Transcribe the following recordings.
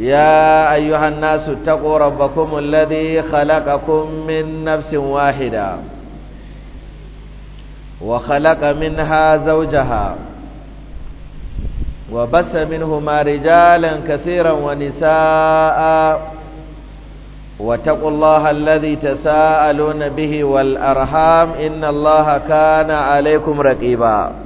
يا أيها الناس اتقوا ربكم الذي خلقكم من نفس واحدة وخلق منها زوجها وبس منهما رجالا كثيرا ونساء واتقوا الله الذي تساءلون به والأرحام إن الله كان عليكم رقيبا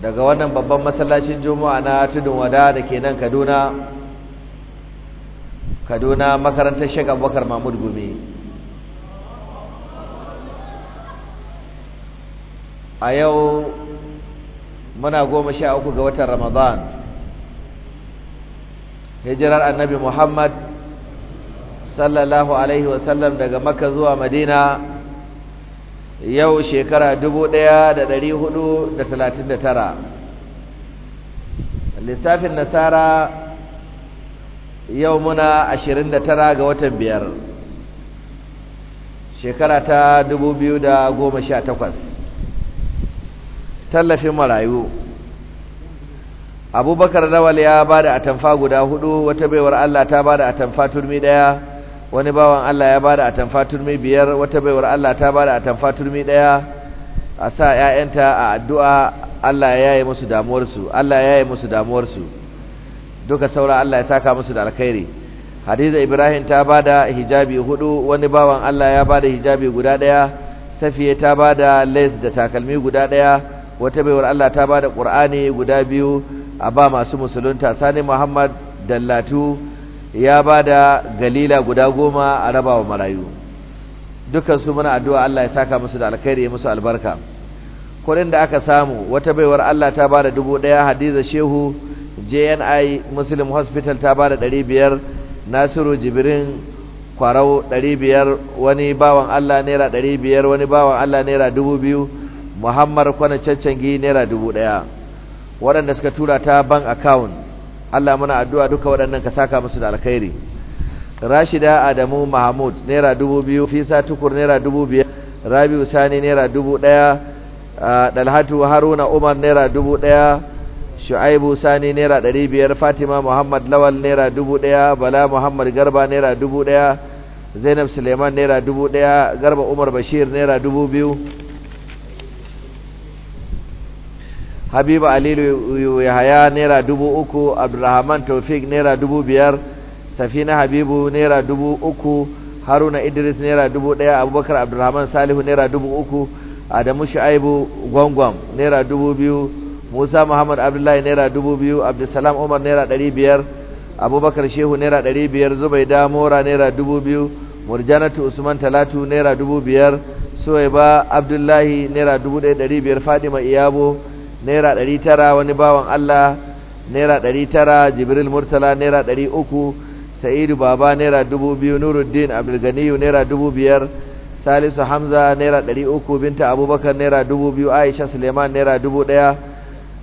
daga wannan babban masallacin juma'a na tudun wada da ke nan kaduna kaduna makarantar shekar bakar mahmud Gumi, a yau muna goma sha uku ga watan ramadan hijirar annabi muhammad sallallahu alaihi wasallam daga makka zuwa madina yau shekara ɗaya da hudu 1439 lissafin nasara yau muna da tara ga watan biyar shekara ta da goma sha takwas tallafin marayu abubakar rawal ya ba da atamfa guda hudu wata baiwar allah ta ba da atamfa turmi ɗaya. wani bawan Allah ya bada atamfa turmi biyar wata baiwar Allah ta bada atamfa turmi daya a sa ƴaƴanta a addu'a Allah ya yaye musu damuwar su Allah ya yaye musu damuwarsu duka saura Allah ya saka musu da alkhairi Hadiza Ibrahim ta bada hijabi hudu wani bawan Allah ya bada hijabi guda daya Safiya ta bada lace da takalmi guda daya wata baiwar Allah ta bada Qur'ani guda biyu a ba masu musulunta Sani Muhammad Dallatu ya ba da galila guda goma a raba wa marayu dukansu muna addu'a Allah ya taka musu da alkhairi ya musu albarka kuɗin da aka samu wata baiwar Allah ta ba da dubu ɗaya hadiza shehu jni muslim hospital ta ba da ɗari biyar nasiru jibirin kwarau ɗari biyar wani bawan Allah naira ɗari biyar wani bawan Allah naira dubu biyu muhammar kwana cancangi naira dubu ɗaya waɗanda suka tura ta bank account Allah muna addu'a duka waɗannan ka saka musu da alkhairi Rashida Adamu Mahmud naira 2000 Fisa Tukur naira 2000 Rabi, Sani naira 1000 Dalhatu Haruna Umar naira 1000 Shu'aibu Sani naira 500 Fatima Muhammad Lawal naira 1000 Bala Muhammad Garba naira 1000 Zainab Suleiman naira 1000 Garba Umar Bashir naira 2000 habibu alilu yahaya naira dubu uku abdulrahman taufik naira dubu biyar safina habibu naira dubu uku haruna idris naira dubu ɗaya abubakar abdulrahman salihu naira dubu uku adamu shu'aibu gwangwam naira dubu biyu musa muhammad abdullahi naira dubu biyu abdulsalam umar naira ɗari biyar abubakar shehu naira ɗari biyar zubaida mora naira dubu biyu murjanatu usman talatu naira dubu biyar suwaiba abdullahi naira dubu ɗaya ɗari biyar fadima iyabo naira ɗari tara wani bawan Allah naira ɗari tara jibril murtala naira ɗari uku sa'idu baba naira dubu biyu nuruddin abdulganiyu naira dubu biyar salisu hamza naira ɗari uku binta abubakar naira dubu biyu aisha suleiman naira dubu ɗaya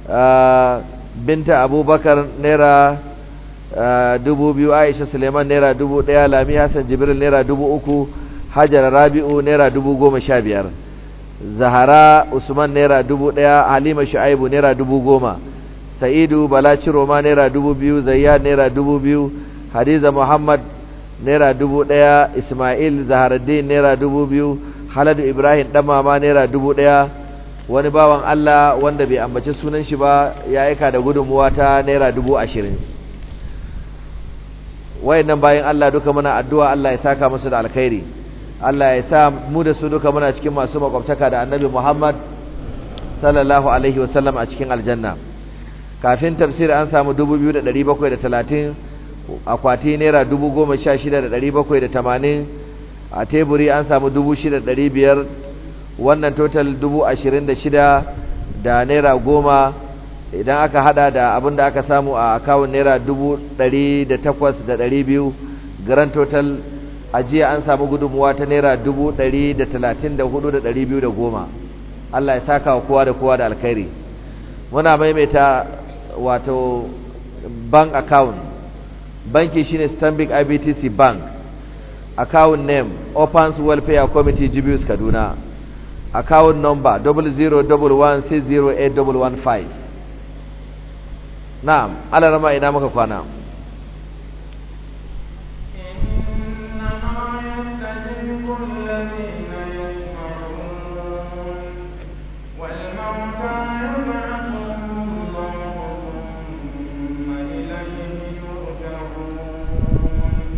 ah, binta abubakar naira ah, dubu biyu aisha suleiman naira dubu ɗaya lami hassan jibril naira dubu uku hajar rabi'u naira dubu goma sha biyar zahara usman naira dubu ɗaya halima shu'aibu naira dubu goma sa'idu balaci roma naira dubu biyu zayyad naira dubu biyu hadiza muhammad naira dubu ɗaya ismail zaharaddin naira dubu biyu haladu ibrahim ɗan mama naira dubu ɗaya wani bawan allah wanda bai ambaci sunan shi ba ya aika da gudunmuwa ta naira dubu ashirin wayannan bayan allah duka mana addu'a allah ya saka musu da alkhairi Allah ya sa mu da su duka muna cikin masu makwabtaka da annabi Muhammad sallallahu alaihi wasallam a cikin aljanna kafin tafsir an samu 2730 akwati naira 16780 a teburi an samu 6500 wannan total 26000 da naira 10 idan aka hada da abin da aka samu a akawun naira 1800 da 200 grand total a jiya an samu gudunmuwa ta naira dubu da da da da talatin hudu biyu goma. Allah ya saka wa kowa da kowa da alkhairi muna maimaita wato bank account banki shine Stanbic IBTC bank account name Opens Welfare Committee Jibius Kaduna account number 0016081115 na'am alarama ina maka kwana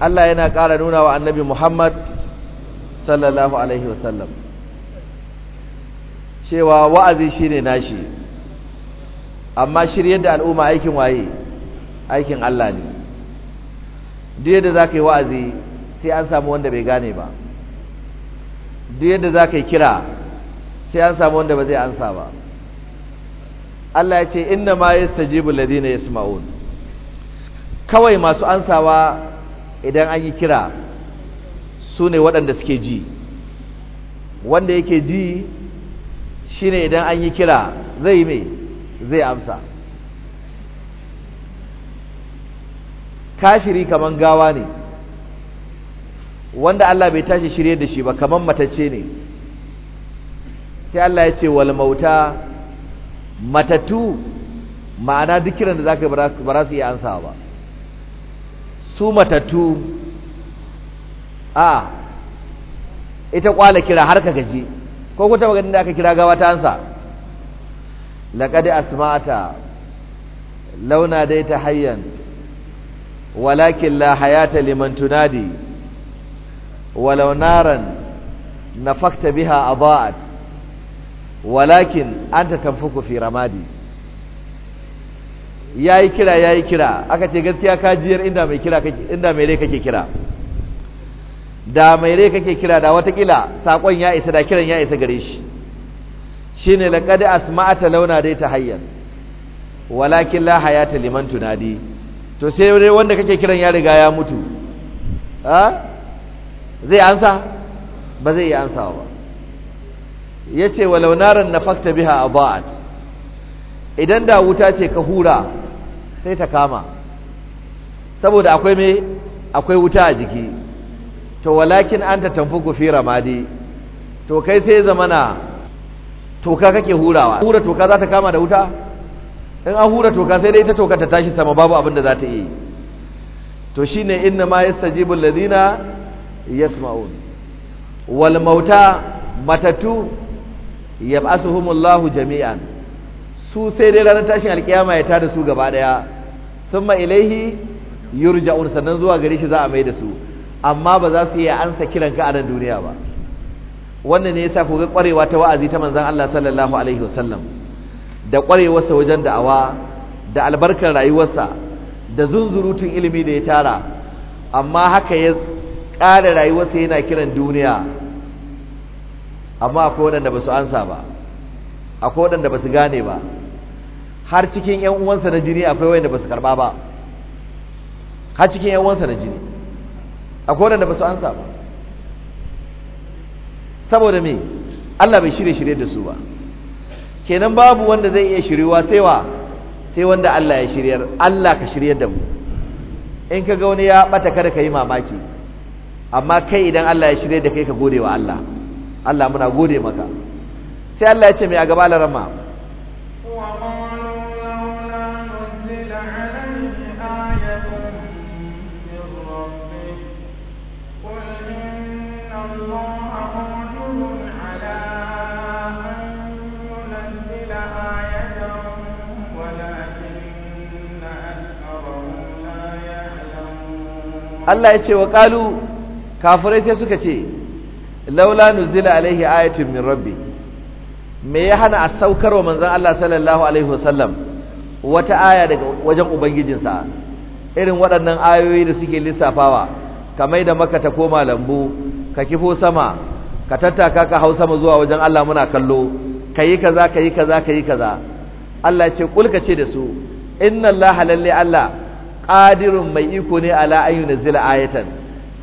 Allah yana ƙara nuna wa annabi Muhammad sallallahu alaihi wasallam cewa wa'azi shi ne nashi amma shiryar da al'umma aikin waye aikin Allah ne duk yadda za ka yi wa'azi sai an samu wanda bai gane ba duk yadda za ka yi kira sai an samu wanda ba zai ansa ba Allah ya ce inna ma yastajibu ladina ya kawai masu ansawa idan an yi kira su ne waɗanda suke ji wanda yake ji shi ne idan an yi kira zai mai zai amsa kashiri kaman gawa ne wanda Allah bai tashi shirye da shi ba kaman matace ne sai Allah ya ce wal mauta matatu ma'ana duk kiran da zaka ba su iya ansawa ba su matattu a ita kwala kira har ka gaji ko kuta maganin da aka kira gawa ta ansa laqad asma'ata launa dai ta hayyan walakin la hayata liman tunadi walau naran nafakta biha adaa'at walakin anta tanfuku fi ramadi yayi kira yayi kira aka ce gaskiya ka jiyar inda mai kira kake rai kake kira da mai rai kake kira da watakila saƙon ya isa da kiran ya isa gare shi Shi shine laqad asma'ata launa dai ta hayyar. walakin laha ya liman tunadi to sai dai wanda kake kiran ya riga ya mutu a zai ansa ba zai yi ansawa ba Ya wa walau na fakta biha a ba'ad. idan da wuta ce ka hura sai ta kama saboda akwai mai akwai wuta a jiki to walakin ta tanfuku gufi ramadi to kai sai zamana toka kake hurawa hura toka za ta kama da wuta in an hura toka sai dai ta toka ta tashi sama babu abin da za ta yi to shine inna ma yastajibu alladhina walmauta wal mauta matatu yab'asuhumullahu jami'an su sai dai ranar tashin alkiyama ya tada su gaba daya summa ilaihi yurja'un sannan zuwa gare shi za a mai da su amma ba za su iya ansa kiran ka a nan duniya ba wannan ne yasa ku ga kwarewa ta wa'azi ta manzon Allah sallallahu alaihi wasallam da kwarewarsa wajen da'awa da albarkar rayuwarsa da zunzurutun ilimi da ya tara amma haka ya kara rayuwarsa yana kiran duniya amma akwai waɗanda ba su ansa ba akwai waɗanda ba su gane ba har cikin yan uwansa na jini akwai wanda basu karba ba har cikin yan uwansa na jini akwai wanda basu ansa ba saboda me Allah bai shirye shirye da su ba kenan babu wanda zai iya shiryuwa sai wa sai wanda Allah ya shiryar Allah ka shiryar da mu in ka ga wani ya bata kada ka yi mamaki amma kai idan Allah ya shirye da kai ka gode wa Allah Allah muna gode maka sai Allah ya ce mai a gaba larama Allah ya ce wa qalu kafirai sai suka ce laula nuzila alaihi ayatu min rabbi me ya hana a saukar wa manzon Allah sallallahu alaihi wasallam wata aya daga wajen ubangijinsa irin waɗannan ayoyi da suke lissafawa kamar da maka ta koma lambu ka kifo sama ka tattaka ka hau sama zuwa wajen Allah muna kallo kayi kaza kayi kaza kayi kaza Allah ya ce kulka ce da su inna Allah lalle Allah qadirun mai iko ne ala ayu yunzila ayatan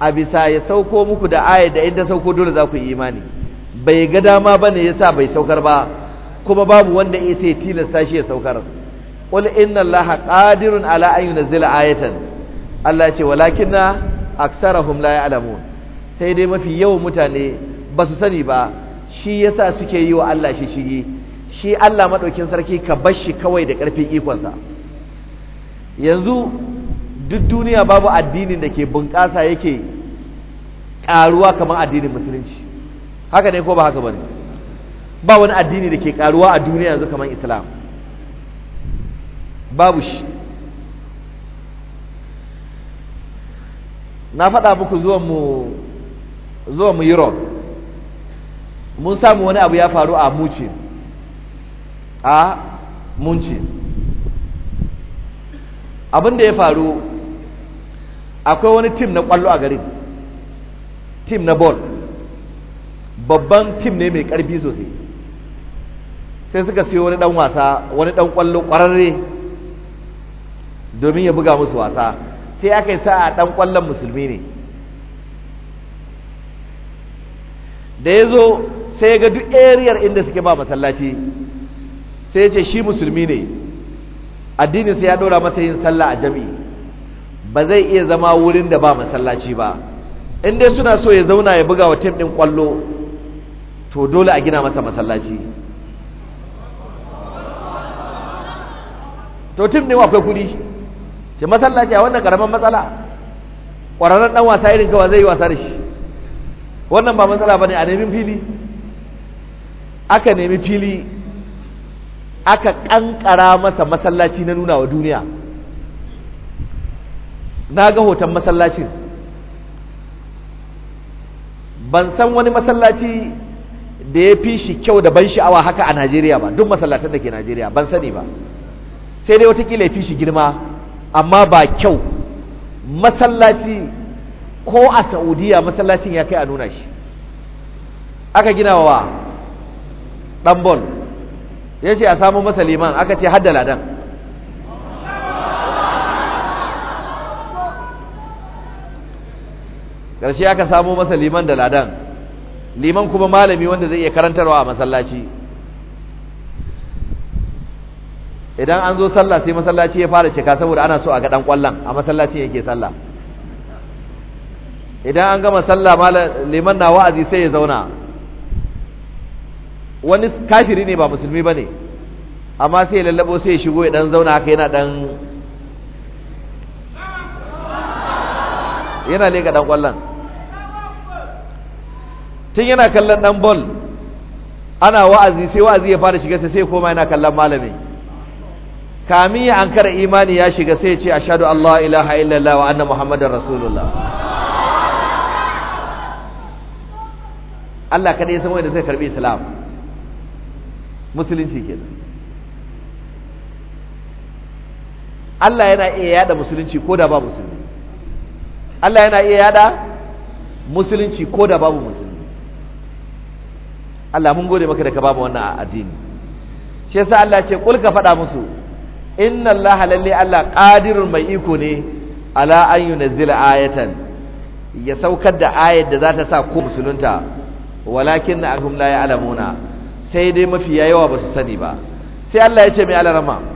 a bisa ya sauko muku da ayat da inda sauko dole za ku yi imani bai ga dama bane yasa bai saukar ba kuma babu wanda ya sai tilasta shi ya saukar qul inna allaha qadirun ala ayu yunzila ayatan Allah ce walakinna aksarahum la ya'lamun sai dai mafi yawan mutane ba su sani ba shi yasa suke yi wa Allah shi shige shi Allah maɗaukin sarki ka bar shi kawai da ƙarfin ikonsa yanzu duk duniya babu addinin da ke bunƙasa yake ƙaruwa kamar addinin musulunci haka ne ko ba haka bane ba wani addini da ke ƙaruwa a duniya yanzu kamar islam babu shi na faɗa muku zuwan mu zuwan europe mun samu wani abu ya faru a muci a muncin abin da ya faru akwai wani tim na kwallo a garin tim na ball babban tim ne mai karfi sosai sai suka siyo wani dan wasa wani dan kwallo kwararre domin ya buga musu wasa sai aka yi sa'a dan kwallon musulmi ne da ya zo sai ga duk ariyar inda suke ba masallaci sai ce shi musulmi ne addinin sai ya dora masa yin sallah a jami'i ba zai iya zama wurin da ba masallaci ba in dai suna so ya zauna ya buga wa tim ɗin kwallo to dole a gina masa masallaci to tim ɗin akwai kuɗi shi masallaci a wannan ƙaramin matsala ƙwararren ɗan wasa irin kawa zai yi wasa da shi wannan ba matsala ba ne a nemi fili aka nemi fili aka ƙanƙara masa masallaci na nuna wa duniya na ga hoton masallacin ban san wani masallaci da ya fi shi kyau da ban sha'awa haka a Najeriya ba duk masallatan da ke Najeriya ban sani ba sai dai watakila ya fi shi girma amma ba kyau masallaci ko a Saudiya masallacin ya kai a nuna shi aka gina wa ɗanbol ya ce a samu masaliman aka ce haddala ladan ƙarshe aka samo masa liman da ladan liman kuma malami wanda zai iya karantarwa a masallaci idan an zo sallah sai masallaci ya fara cika saboda ana so a ga dan kwallon a masallaci yake sallah idan an gama sallah liman na wa'azi sai ya zauna wani kafiri ne ba musulmi ba ne amma sai ya lallabo sai ya shigo ya dan zauna haka yana dan yana leka dan kwallon tun yana kallon dan bol ana wa'azi sai wa'azi ya fara shiga sai koma yana kallon malami kamin ya ankara imani ya shiga sai ya ce ashhadu allah ilaha illallah wa anna muhammadar rasulullah Allah kada ya san da zai karbi islam musulunci ke Allah yana iya yada musulunci ko da ba musulmi Allah yana iya yada musulunci ko da babu Musulunci. Allah mun gode maka da ka babu wannan addini shi yasa Allah ce kul ka faɗa musu inna Allah lalle Allah qadirun mai iko ne ala an yunzila ayatan ya saukar da ayat da za ta sa ku musulunta walakin na ahum la ya'lamuna sai dai mafiya yawa ba su sani ba sai Allah ya ce mai alarama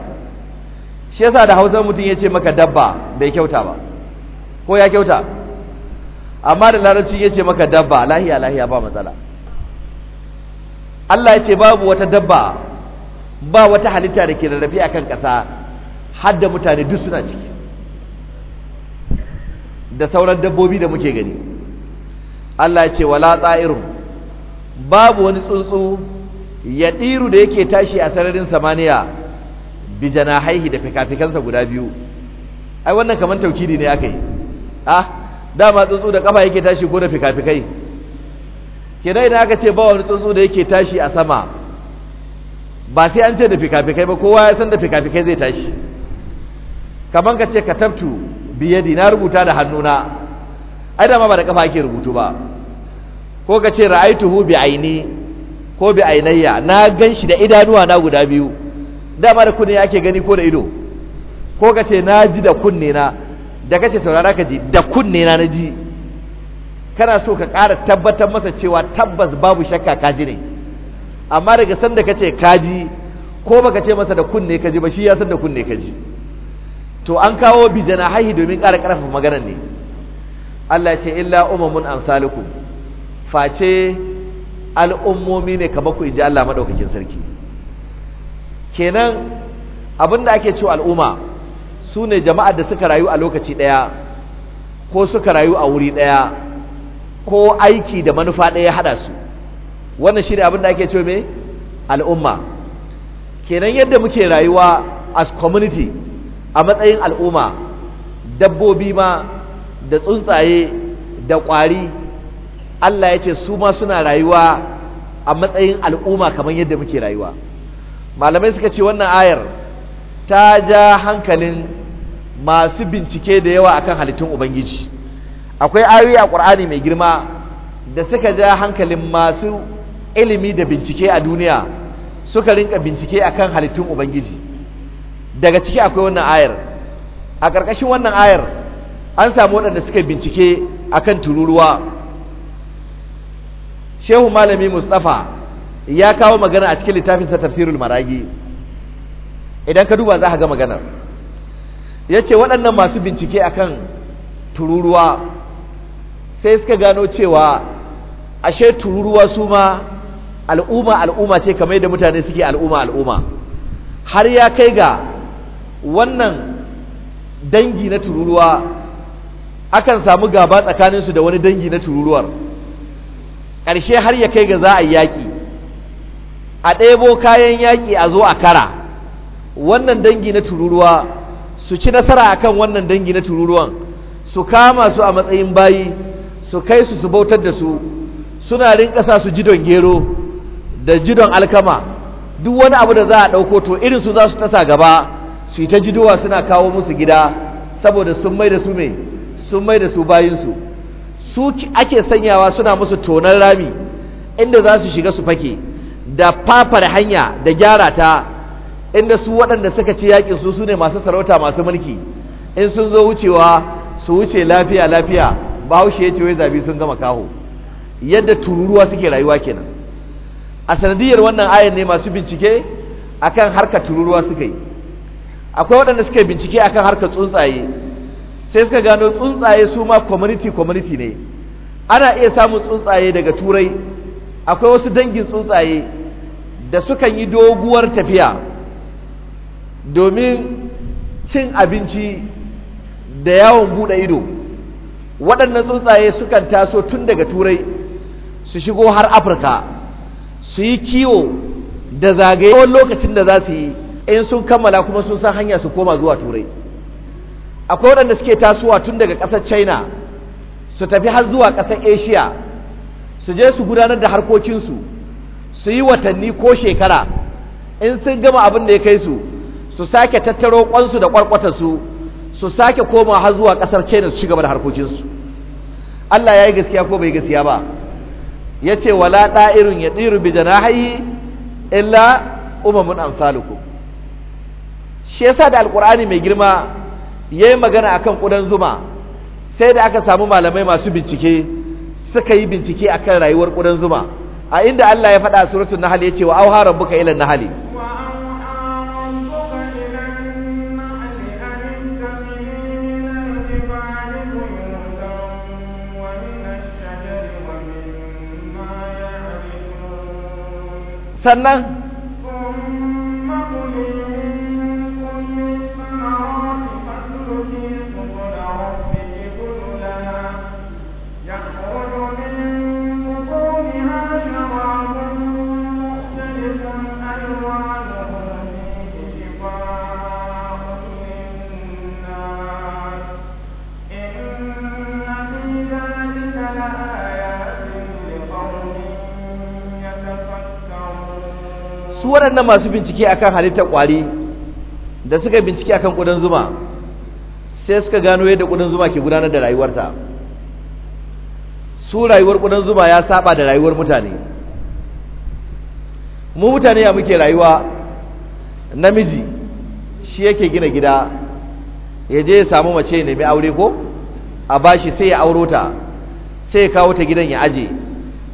shi yasa da hausa mutum ya ce maka dabba bai kyauta ba ko ya kyauta amma da larabci ya ce maka dabba lahiya lahiya ba matsala Allah ya ce babu wata dabba ba wata halitta da ke rarrafe a kan ƙasa har da mutane duk suna ciki da sauran dabbobi da muke gani Allah ya ce wala tsa'irun babu wani tsuntsu ya ɗiru da yake tashi a sararin samaniya bi janahaihi da fikafikansa guda biyu ai wannan kaman taukidi ne akai ah dama tsuntsu da kafa yake tashi ko da fikafikai kenan idan aka ce ba wani tsuntsu da yake tashi a sama ba sai an ce da fikafikai ba kowa ya san da fikafikai zai tashi kaman ka ce katabtu biyadi na rubuta da hannuna ai dama ba da kafa yake rubutu ba ko ka ce ra'aituhu bi aini ko bi ainayya na shi da idanuwa na guda biyu dama da kunne ake gani ko da ido ko ka ce na ji da kunne na da kace saurara ka ji da kunne na na ji kana so ka ƙara tabbatar masa cewa tabbas babu shakka ka ji ne amma daga san da kace ka ji ko baka ce masa da kunne ka ji ba shi ya san da kunne ka ji to an kawo bijana haihi domin ƙara ƙarfafa maganar ne Allah ce illa umamun amsalukum face al'ummomi ne kamar ku ji Allah madaukakin sarki kenan abin da ake co al'umma su ne jama'ar da suka rayu a lokaci ɗaya ko suka rayu a wuri ɗaya ko aiki da manufa ɗaya haɗa su wannan shi ne da ake ce me al'umma kenan yadda muke rayuwa as community a matsayin al'umma dabbobi ma da tsuntsaye da ƙwari Allah ya ce su ma suna rayuwa a matsayin al'umma kamar yadda muke rayuwa malamai suka ce wannan ayar ta ja hankalin masu bincike da yawa akan halittun ubangiji akwai ayoyi a ƙur'ani mai girma da suka ja hankalin masu ilimi da bincike a duniya suka rinka bincike akan halittun ubangiji daga ciki akwai wannan ayar a ƙarƙashin wannan ayar an samu waɗanda suka bincike akan tururuwa shehu malami mustapha ya kawo magana a cikin littafinsa tafsirul maragi idan ka duba za ka ga maganar ya ce waɗannan masu bincike a kan tururuwa sai suka gano cewa ashe tururuwa su ma al'umma al'umma ce kamar yadda mutane suke al'umma al'umma har ya kai ga wannan dangi na tururuwa akan samu gaba tsakaninsu da wani dangi na tururuwar ƙarshe har ya kai ga za a yi yaƙi a ɗebo kayan yaƙi a zo a kara wannan dangi na tururuwa su ci nasara a kan wannan dangi na tururuwan su kama su a matsayin bayi su kai su su bautar da su suna rinƙa sa su jidon gero da jidon alkama duk wani abu da za a ɗauko to irin su za su tasa gaba su yi ta jidowa suna kawo musu gida saboda sun mai da su mai sun mai da su bayinsu su ake sanyawa suna musu tonan rami inda za su shiga su fake da fafar hanya da gyara ta inda su waɗanda suka ci yakin su su ne masu sarauta masu mulki in sun zo wucewa su wuce lafiya lafiya bahaushe ya ce wai zabi sun gama kaho yadda tururuwa suke rayuwa kenan a sanadiyar wannan ayan ne masu bincike akan harka tururuwa suka yi akwai waɗanda suka bincike akan harka tsuntsaye sai suka gano tsuntsaye su ma community community ne ana iya samun tsuntsaye daga turai akwai wasu dangin tsuntsaye da sukan yi doguwar tafiya domin cin abinci da yawon bude ido waɗannan tsuntsaye sukan taso tun daga turai su shigo har afirka su yi kiwo da zagaye lokacin da za su yi in sun kammala kuma sun san hanya su koma zuwa turai akwai waɗanda suke tasowa tun daga ƙasar china su tafi har zuwa ƙasar asia su je su gudanar da harkokinsu su yi watanni ko shekara in sun gama abin da ya kai su su sake tattaro kwansu da kwarkwatarsu su sake koma har zuwa ƙasar China su cigaba da harkokinsu Allah ya yi gaskiya ko bai gaskiya ba ya ce wala ɗa'irin ya ɗiru bi hayi illa umamun amsaluku shi yasa da alkur'ani mai girma ya yi magana akan ƙudan zuma sai da aka samu malamai masu bincike suka yi bincike akan rayuwar ƙudan zuma a inda Allah ya faɗa suratul nahl yace wa auha rabbuka ila nahli sannan waɗannan masu bincike a kan halittar ƙwari da suka bincike a kan ƙudan zuma sai suka gano yadda ƙudan zuma ke gudanar da rayuwarta su rayuwar ƙudan zuma ya saba da rayuwar mutane mu mutane ya muke rayuwa namiji shi yake gina gida ya je ya samu mace ya nemi aure ko a bashi sai ya auro ta sai ya kawo ta gidan ya aje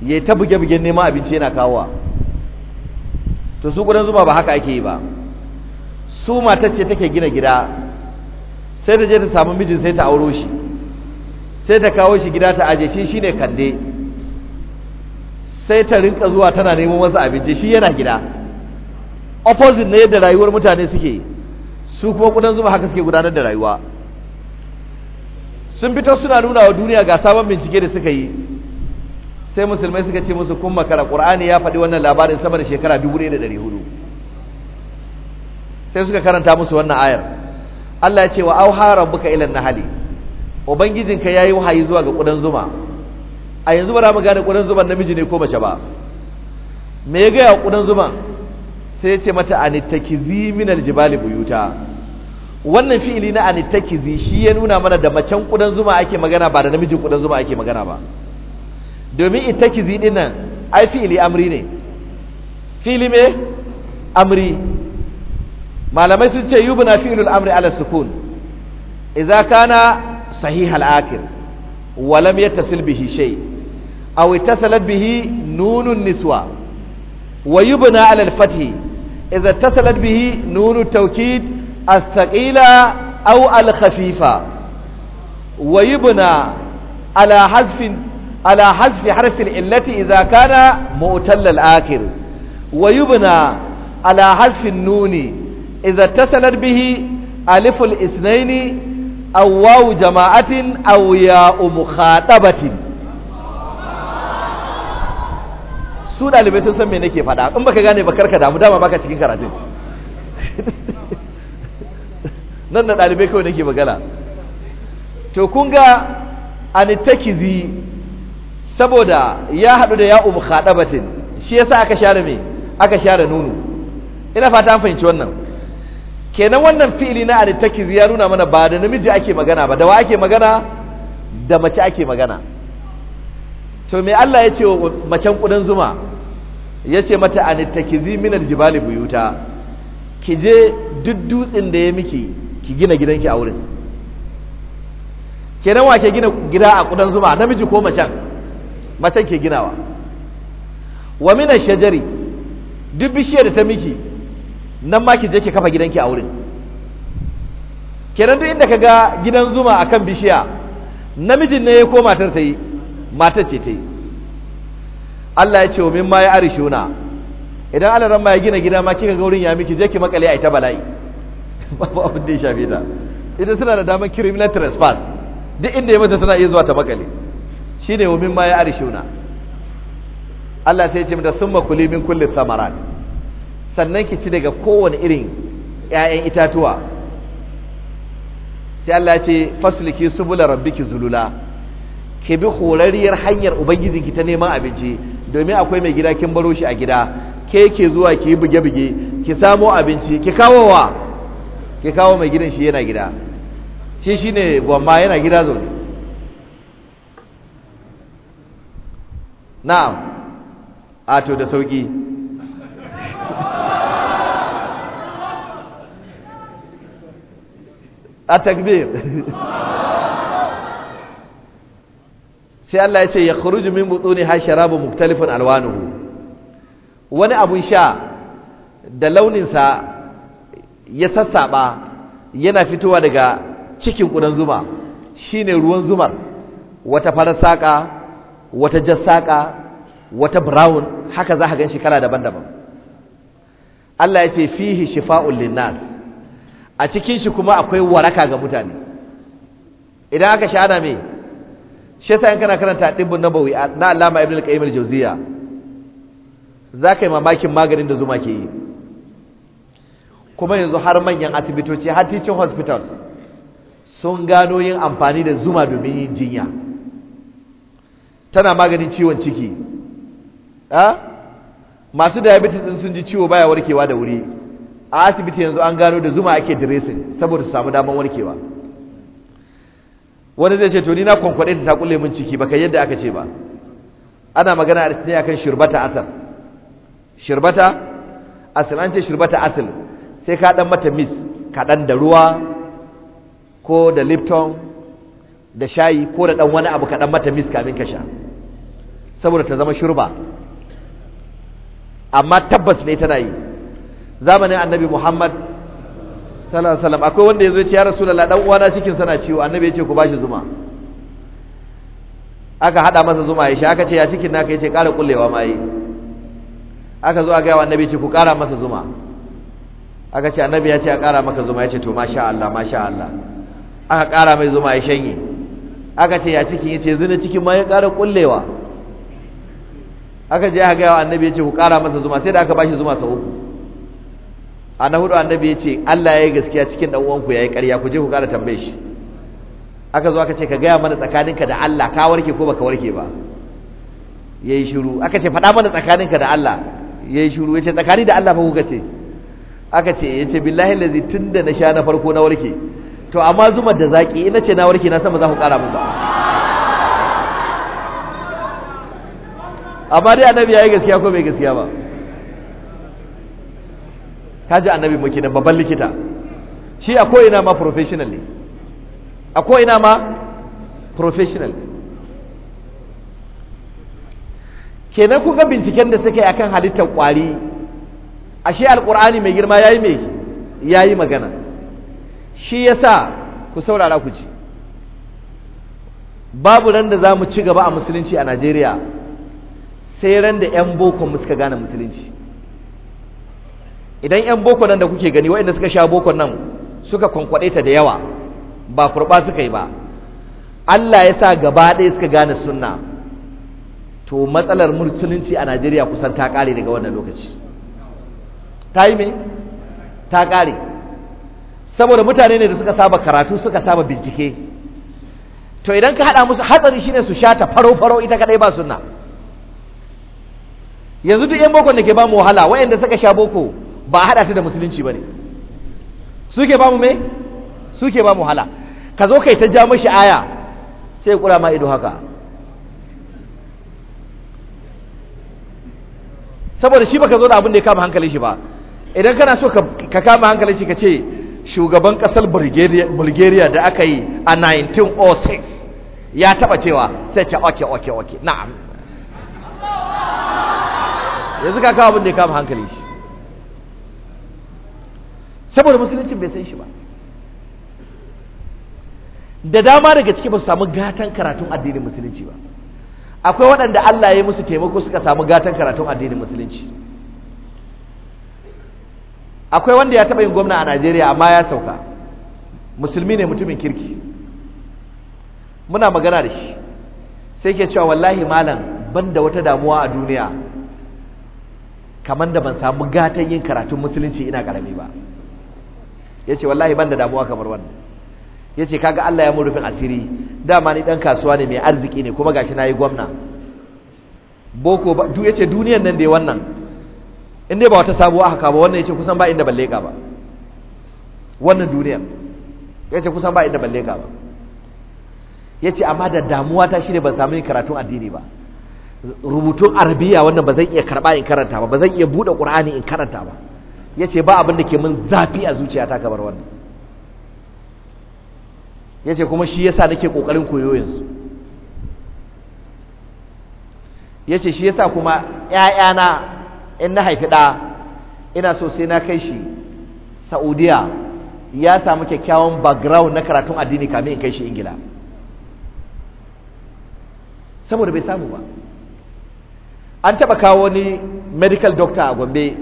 ya yi ta buge-bugen neman abinci yana kawowa to su gudan zuma ba haka ake yi ba su matar ce take gina gida sai ta je ta samu mijin sai ta auro shi sai ta kawo shi gida ta aje shi shine kande sai ta rinka zuwa tana neman wasu abinci shi yana gida opposite na yadda rayuwar mutane suke su kuma gudan zuma haka suke gudanar da rayuwa sun fito suna nuna wa duniya ga sabon bincike da suka yi sai musulmai suka ce musu kun makara qur'ani ya faɗi wannan labarin sama da shekara 1400 sai suka karanta musu wannan ayar Allah ya ce wa auha rabbuka ila ka ubangijinka yayi wahayi zuwa ga kudan zuma a yanzu ba za mu gane kudan zuman namiji ne ko mace ba me ya gaya kudan zuman sai ya ce mata anittakizi min aljibali buyuta wannan fi'ili na anittakizi shi ya nuna mana da macen kudan zuma ake magana ba da namijin kudan zuma ake magana ba domin ittakizi din nan ai fili amri ne fili me amri malamai sun ce yubna fi'lul amri ala sukun idza kana sahih al akhir wa lam yattasil bihi shay aw ittasalat bihi nunun niswa wa yubna ala al fath idza ittasalat bihi nunu tawkid الثقيلة أو الخفيفة ويبنى ala حذف على حذف حرف العلة إذا كان معتل الآخر ويبنى على حذف النون إذا اتصلت به ألف الاثنين أو واو جماعة أو su ɗalibai sun san me nake faɗa in baka gane ba karka damu dama baka cikin karatun nan da ɗalibai kawai nake magana to kun ga anitakizi saboda ya haɗu da ya haɗa batin, shi yasa aka share me aka share nunu ina fata an fahimci wannan kenan wannan fi'ili na al ya nuna mana ba da namiji ake magana ba da wa ake magana da mace ake magana to me Allah ya ce wa macen kudan zuma ya ce mata anittakizi Jibali jibali buyuta ki je duk dutsen da ya miki ki gina gidanki a wurin kenan wa ke gina gida a kudan zuma namiji ko macen matan ke ginawa wa mina shajari duk bishiyar da ta miki nan ma ki je ki kafa gidanki a wurin kenan duk inda ka ga gidan zuma akan bishiya namijin ne ko matar ta yi matar ce ta yi Allah ya ce wa mimma ya arishuna idan Allah ran ma ya gina gida ma kika ga wurin ya miki je ki makale ai ta bala'i babu abin da ya shafe ta idan suna da damar criminal trespass duk inda ya mata suna iya zuwa ta makale shi ne wumin ma ya arshuna Allah sai ya ce mata sun makuli min kullum samarat sannan ki ci daga kowane irin yayan itatuwa sai Allah ce fasliki subula rabbiki zulula ki bi horariyar hanyar ubangijinki ta neman abinci domin akwai mai gida kin baro shi a gida ke ke zuwa ki yi buge-buge ki samo abinci ki kawo wa ki kawo mai gidan shi yana gida shi shine gwamma yana gida zaune na'am a to da sauki a takbir sai Allah ya ce ya khuruju min ne har sharabu muktalifin alwanuhu wani abun sha da launinsa ya sassaɓa yana fitowa daga cikin ƙudan zuma shine ruwan zumar wata farar saƙa wata jassaka wata brown haka za ka gan shi kala daban-daban Allah ya ce fihi shifa'un linnas a cikin shi kuma akwai waraka ga mutane idan aka ana me shi yasa in kana karanta dibbun nabawi na Allama Ibn al-Qayyim al za zaka yi mamakin maganin da zuma ke yi kuma yanzu har manyan asibitoci har teaching hospitals sun gano yin amfani da zuma domin yin jinya tana maganin ciwon ciki masu diabetes din sun ji ciwo baya warkewa da wuri a asibiti yanzu an gano da zuma ake dressing saboda su samu damar warkewa wani zai ce to ni na kwankwade ta kulle min ciki baka yadda aka ce ba ana magana ne akan shirbata asal shirbata asal an ce shirbata asal sai ka dan mata miss ka dan da ruwa ko da lipton da shayi ko da dan wani abu ka dan mata mis kamin ka sha saboda ta zama shurba amma tabbas ne tana yi zamanin annabi muhammad sallallahu alaihi akwai wanda ya zo ya rasulullah dan uwana cikin sana ciwo annabi ya ce ku bashi zuma aka hada masa zuma ya sha aka ce ya cikin naka ya ce ƙara kullewa ma yi aka zo a gaya wa annabi ya ce ku ƙara masa zuma aka ce annabi ya ce a ƙara maka zuma ya ce to masha Allah masha Allah aka kara mai zuma ya shanye aka ce ya cikin ya ce zina cikin ma ya kara kullewa aka je aka gaya wa annabi ya ce ku ƙara masa zuma sai da aka bashi zuma sau uku a na hudu annabi ya ce Allah ya yi gaskiya cikin ɗan uwanku ya yi ƙarya ku je ku ƙara tambaye shi aka zo aka ce ka gaya mana tsakaninka da Allah ka warke ko baka warke ba ya yi shiru aka ce faɗa mana tsakaninka da Allah ya yi shiru ya ce tsakani da Allah fa kuka ce aka ce ya ce billahi lazi tun da na sha na farko na warke to amma zuma da zaƙi ina ce na warke na sama za ku ƙara mu ba amma dai annabi yayi gaskiya ko bai gaskiya ba kaji annabi muke da babban likita shi a ko ina ma professional ne a ko ina ma professional ne kenan kuka binciken da suka yi akan halittar kwari ashe alkur'ani mai girma ya yi mai ya yi magana shi ya sa ku saurara ku ci babu ran da za mu ci gaba a musulunci a Najeriya sai ran da 'yan boko suka gane musulunci idan 'yan boko nan da kuke gani waɗanda suka sha boko nan suka kwankwaɗe ta da yawa ba kurɓa suka yi ba Allah ya sa gaba ɗaya suka gane sunna to matsalar musulunci a Najeriya kusan ta ƙare daga wannan lokaci ta yi me ta ƙare saboda mutane ne da suka saba karatu suka saba bincike to idan ka haɗa musu hatsari shine su sha ta faro-faro ita kaɗai ba sunna yanzu duk yan bokon da ke ba mu wahala waɗanda suka sha boko ba a haɗa su da musulunci ba ne suke ba mu me suke ba mu wahala ka zo kai ta ja mashi aya sai kura ma ido haka saboda shi baka zo da abin da ya kama hankalin shi ba idan kana so ka kama hankalin shi ka ce shugaban kasar bulgaria da aka yi a 1906 ya taba cewa sai ce oke oke oke na'am yanzu ka kawo abin da ya kama hankali shi saboda musuluncin bai san shi ba da dama daga ciki ba su samu gatan karatun addinin musulunci ba akwai waɗanda Allah ya yi musu taimako suka samu gatan karatun addinin musulunci akwai wanda ya taɓa yin gwamna a Najeriya amma ya sauka musulmi ne mutumin kirki muna magana da shi sai ke cewa wallahi malam ban da wata damuwa a duniya kamar da ban samu gatan yin karatun musulunci ina karami ba yace wallahi ban da damuwa kamar wannan yace kaga Allah ya murufin asiri dama ni dan kasuwa ne mai arziki ne kuma gashi nayi gwamna boko ba duk yace duniyar nan dai wannan in dai ba wata sabuwa haka ba wannan yace kusan ba inda balle ka ba wannan duniyar yace kusan ba inda balle ka ba yace amma da damuwa ta shine ban samu yin karatun addini ba rubutun arabiya wannan ba zan iya karba in karanta ba ba zan iya buɗe ƙur'ani in karanta ba yace ba abin da ke min zafi a zuciyata kamar wannan yace kuma shi yasa nake kokarin koyo yanzu yace shi yasa kuma 'ya'yana in na haifi ɗa ina so sai na kai shi Saudiya ya samu kyakkyawan background na karatun addini kamin in kai shi Ingila saboda bai samu ba an taɓa kawo wani medical doctor a gombe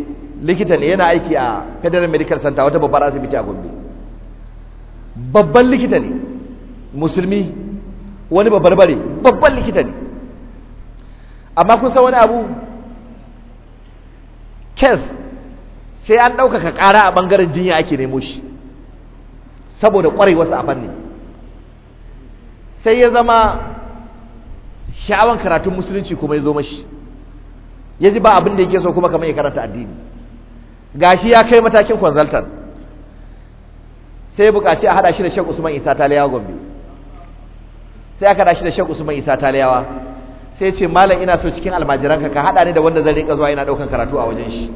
likita ne yana aiki a federal medical center wata babbar asibiti a gombe babban likita ne musulmi wani babbar bare babban likita ne amma kusa wani abu kes sai an ɗaukaka ƙara a ɓangaren jinya ake nemo shi saboda wasu a fanni sai ya zama sha'awan karatun musulunci kuma ya zo mashi ya ji ba abin da yake so kuma kamar ya karanta addini gashi ya kai matakin consultant sai bukaci a hada shi da shek Usman Isa Taliyawa Gombe sai aka hada shi da shek Usman Isa Taliyawa sai ce malam ina so cikin almajiranka ka hada ni da wanda zan rika zuwa ina daukan karatu a wajen shi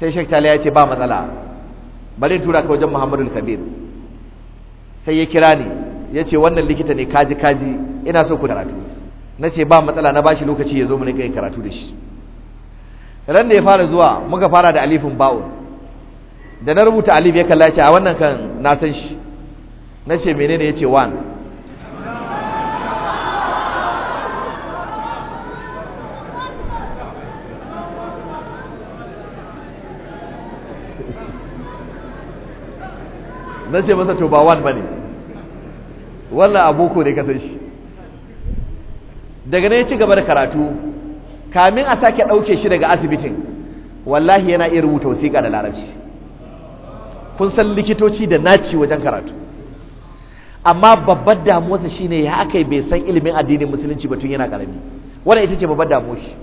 sai shek Taliyawa ce ba matsala bari tura ka wajen Muhammadul Kabir sai ya kira ni ya ce wannan likita ne kaji kaji ina so ku karatu na ce ba matsala na bashi lokaci ya zo mu yi karatu da shi ran da ya fara zuwa muka fara da alifin ba'un da na rubuta alif ya kalla a wannan kan na san shi na ce menene ya ce one na ce masa to ba one ba ne wannan aboko da kasar shi daga nan ya ci gaba da karatu kamin a sake ɗauke shi daga asibitin wallahi yana iya rubuta wasiƙa da larabci kun san likitoci da naci wajen karatu amma babbar damuwarsa shine ya aka bai san ilimin addinin musulunci ba tun yana karami wannan ita ce babbar damuwar shi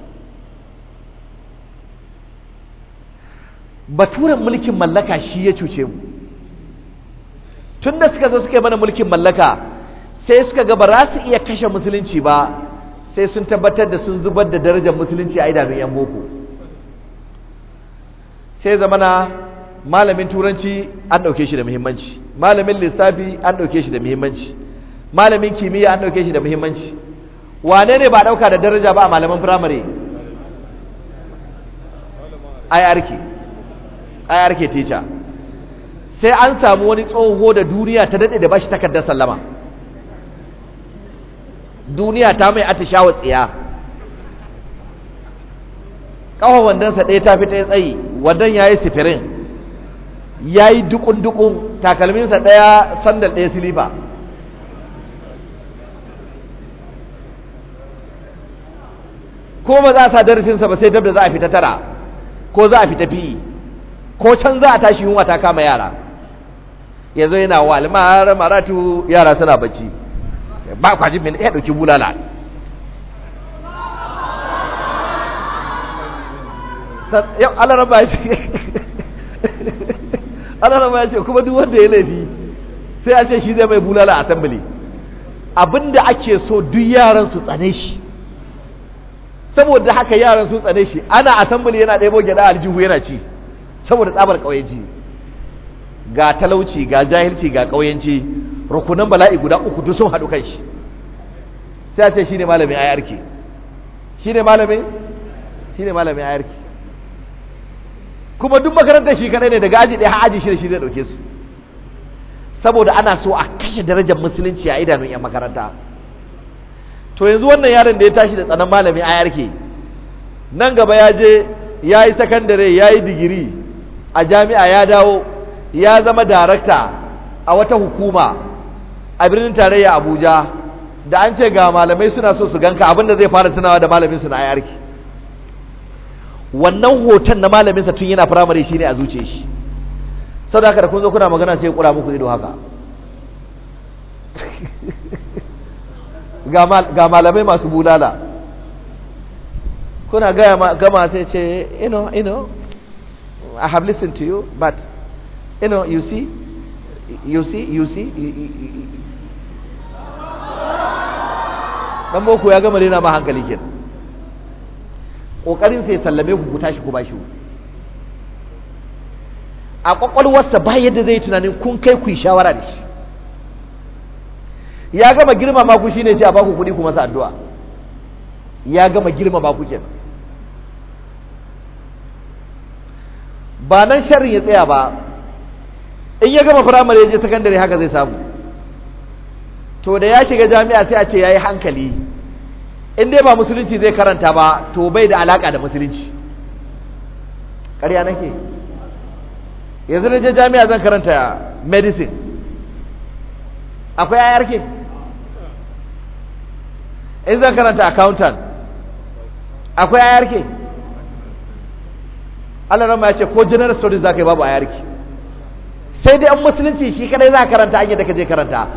baturen mulkin mallaka shi ya cuce mu tun da suka zo suka yi mana mulkin mallaka sai suka ga ba za su iya kashe musulunci ba sai sun tabbatar da sun zubar da darajar musulunci a idanun yan boko sai zamana malamin turanci an ɗauke shi da muhimmanci malamin lissafi an ɗauke shi da muhimmanci malamin kimiyya an ɗauke shi da muhimmanci wane ne ba ɗauka da daraja ba a malaman firamare irk irk teacher sai an samu wani tsoho da duniya ta daɗe da bashi takardar sallama duniya ta mai atishawa tsiya ƙafa wandonsa ɗaya ta fi ya tsayi wandon ya yi sifirin ya yi dukun-dukun takalminsa ɗaya sandal ɗaya silifa ko ba za a sa darasinsa ba sai dabda za a fita tara ko za a fita fi'i ko can za a tashi yunwa ta kama yara yanzu yana walmar maratu yara suna bacci ba kwa mai eh, ya ɗauki bulala yau alaraba ce alaraba ce kuma duk wanda ya laifi sai a ce shi zai mai bulala a tambali abinda ake so duk yaran su tsane shi saboda haka yaran su tsane shi ana a tambali yana ɗaya gyada aljihu yana ci saboda tsabar ƙauyenci ga talauci ga jahilci ga ƙauyenci rukunan bala'i guda uku duk sun haɗu kan shi sai a ce shi ne malamin ayarki ne malamin Shi ne malamin ayarki kuma duk makarantar shi kanai ne daga aji ɗaya har aji shi shi zai ɗauke su saboda ana so a kashe darajar musulunci a idanun 'yan makaranta to yanzu wannan yaron da ya tashi da tsanan malamin ayarki nan gaba ya je ya yi sakandare ya yi digiri a jami'a ya dawo ya zama darakta a wata hukuma a birnin tarayya abuja da an ce ga malamai suna so su ganka abinda zai fara tunawa da malaminsu na ayarki wannan hoton na malaminsa tun yana firamare shi ne a zuce shi sau da haka da kun zo kuna magana sai kura muku ido haka ga malamai masu bulala kuna gama sai ce you know you know I have listened to you but you know you see you see you see dan boko ya gama rena ba hankali kenan kokarin sai sallame ku ku tashi ku bashi a kwakwalwarsa ba yadda zai tunanin kun kai ku yi shawara da shi ya gama girma ma ku shine ce a baku kuɗi ku masa addu'a ya gama girma ba ku kenan ba nan sharrin ya tsaya ba in ya gama firamare ya je sakandare haka zai samu to da ya shiga jami'a sai a ce yayi hankali in dai ba musulunci zai karanta ba to bai da alaka da musulunci ƙarya nake yanzu na je jami'a zan karanta medicine akwai ayar ke in zan karanta accountant akwai ayar ke Allah rama ya ce ko general studies za ka yi babu ayar ke sai dai an musulunci shi kadai za karanta an yadda ka je karanta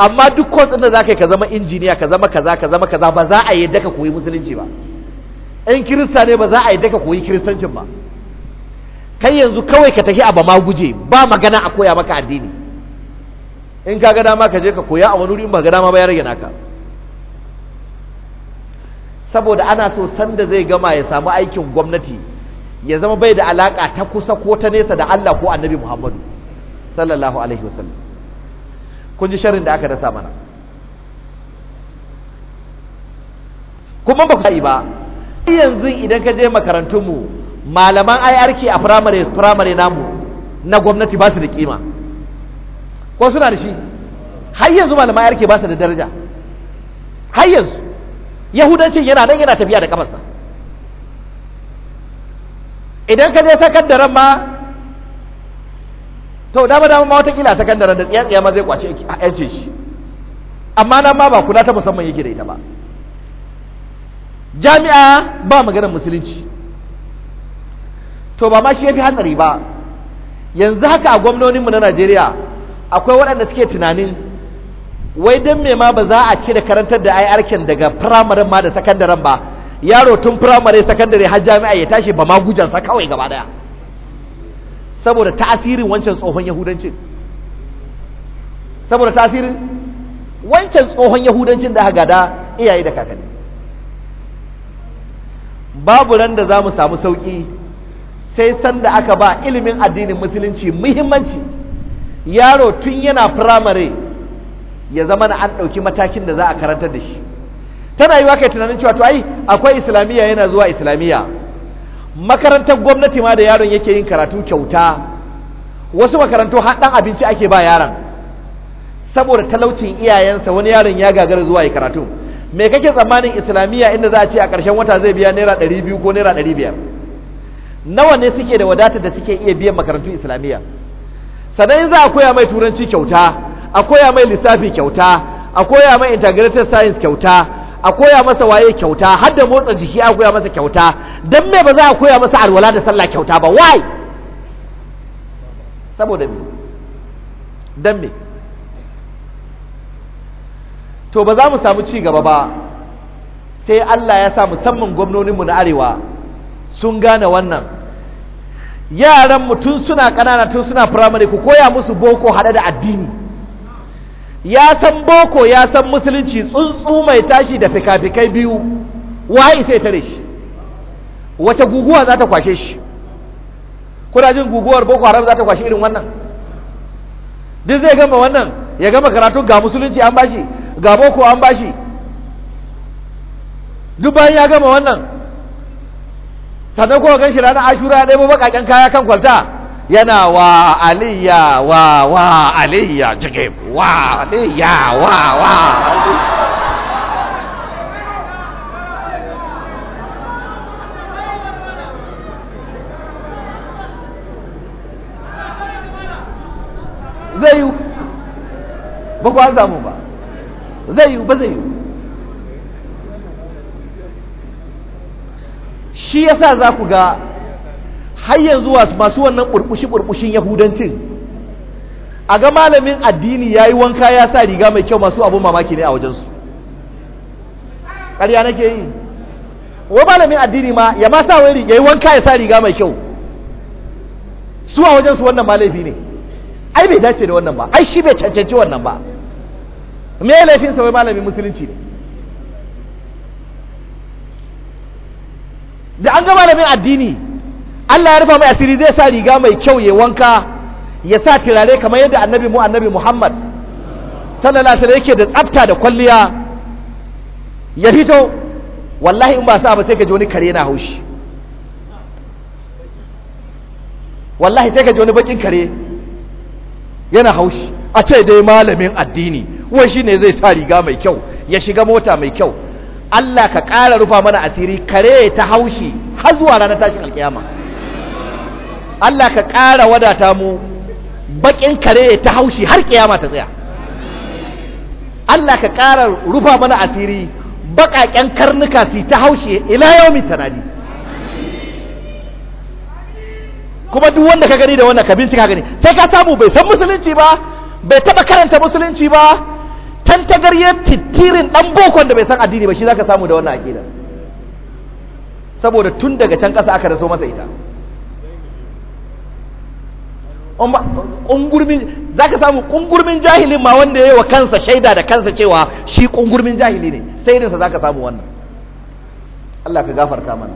amma duk kwas din da zaka yi ka zama injiniya ka zama kaza ka zama kaza ba za a yi daga koyi musulunci ba in kirista ne ba za a yi ka koyi kiristancin ba kai yanzu kawai ka tafi abu guje ba magana a koya maka addini in ka ga dama ka je ka koya a wani wuri ba ga dama ba ya rage naka saboda ana so sanda zai gama ya samu aikin gwamnati ya zama bai da alaka ta kusa ko ta nesa da Allah ko Annabi Muhammadu sallallahu alaihi wasallam kun ji sharrin da aka dasa mana kuma ba ku ba yanzu idan ka je makarantunmu malaman IRK a firamare firamare namu na gwamnati ba su da kima ko suna da shi har yanzu malaman IRK ba su da daraja har yanzu yahudancin yana nan yana tafiya da kafarsa idan ka je sakandaren ma to dama dama ma wata kila sakandaren da tsiyan ma zai kwace a yace shi amma nan ma ba kula ta musamman yake da ita ba jami'a ba maganar musulunci to ba ma shi yafi hatsari ba yanzu haka a gwamnoninmu na Najeriya akwai waɗanda suke tunanin wai dan me ma ba za a da karantar da IRKin daga firamaren ma da sakandaren ba yaro tun firamare sakandare har jami'a ya tashi ba ma gujansa kawai gaba daya saboda tasirin wancan tsohon yahudancin saboda tasirin wancan tsohon yahudancin da aka gada iyaye da kakanni babu ran da za mu samu sauƙi sai sanda aka ba ilimin addinin musulunci muhimmanci yaro tun yana firamare ya zama na an ɗauki matakin da za a karantar da shi tana yi wa kai tunanin cewa to ai akwai islamiyya yana zuwa islamiyya makarantar gwamnati ma da yaron yake yin karatu kyauta wasu makarantu haɗan abinci ake ba yaron saboda talaucin iyayensa wani yaron ya gagara zuwa yi karatu me kake tsammanin islamiyya inda za a ce a ƙarshen wata zai biya naira ɗari biyu ko naira ɗari biyar nawa ne suke da wadatar da suke iya biyan makarantun islamiyya sannan in za a koya mai turanci kyauta a koya mai lissafi kyauta a koya mai integrated science kyauta a koya masa waye kyauta har da motsa jiki a koya masa kyauta don me ba za a koya masa alwala da sallah kyauta ba why saboda me don me to ba za mu samu ci gaba ba sai Allah ya sa musamman gwamnoninmu na arewa sun gane wannan yaran mutum suna ƙanana tun suna firamare ku koya musu boko haɗe da addini ya san boko ya san musulunci tsuntsu mai tashi da fikafikai biyu waye sai tare shi wace guguwa za ta kwashe shi kuna jin guguwar boko haram za ta kwashe irin wannan duk zai gama wannan ya gama karatu ga musulunci an bashi ga boko an bashi duk bayan ya gama wannan sannan kuma gan shi ranar ashura ya ɗaya baƙaƙen kaya kan kwalta yana wa aliyya wa wa aliyya jigib 哇，你呀哇哇！zai yi ba ku an samu ba zai yi ba zai yi shi ya sa za ku ga har yanzu masu wannan burbushi-burbushin yahudancin a ga malamin addini ya yi wanka ya sa riga mai kyau masu abun mamaki ne a wajensu ƙarya nake yi wa malamin addini ma ya ma sa wani ya yi wanka ya sa riga mai kyau su a wajensu wannan malafi ne ai bai dace da wannan ba ai shi bai cancanci wannan ba me ya laifin sa wai malamin musulunci ne da an ga malamin addini Allah ya rufa mai asiri zai sa riga mai kyau ya wanka ya sa turare kamar yadda annabi mu annabi Muhammad sallallahu alaihi yake da tsafta da kwalliya ya fito wallahi in ba sa ba sai ka ji wani kare na haushi wallahi sai ka ji wani bakin kare yana haushi a ce dai malamin addini wai shine zai sa riga mai kyau ya shiga mota mai kyau Allah ka ƙara rufa mana asiri kare ta haushi har zuwa ranar tashin alkiyama Allah ka ƙara wadata mu bakin kare ta haushi har kiyama ta tsaya Allah ka ƙara rufa mana asiri baƙaƙen karnuka su ta haushi. ila yaumin tanadi kuma duk wanda ka gani da wanda ka bincika gani sai ka samu bai san musulunci ba bai taba karanta musulunci ba tantagarye titirin ɗan bokon da bai san addini ba shi zaka samu da wannan akida saboda tun daga can ƙasa aka raso masa ita za ka samu ƙungurmin jahilin ma wanda ya yi wa kansa shaida da kansa cewa shi ƙungurmin jahili ne sai irinsa za ka samu wannan Allah ka gafarta mana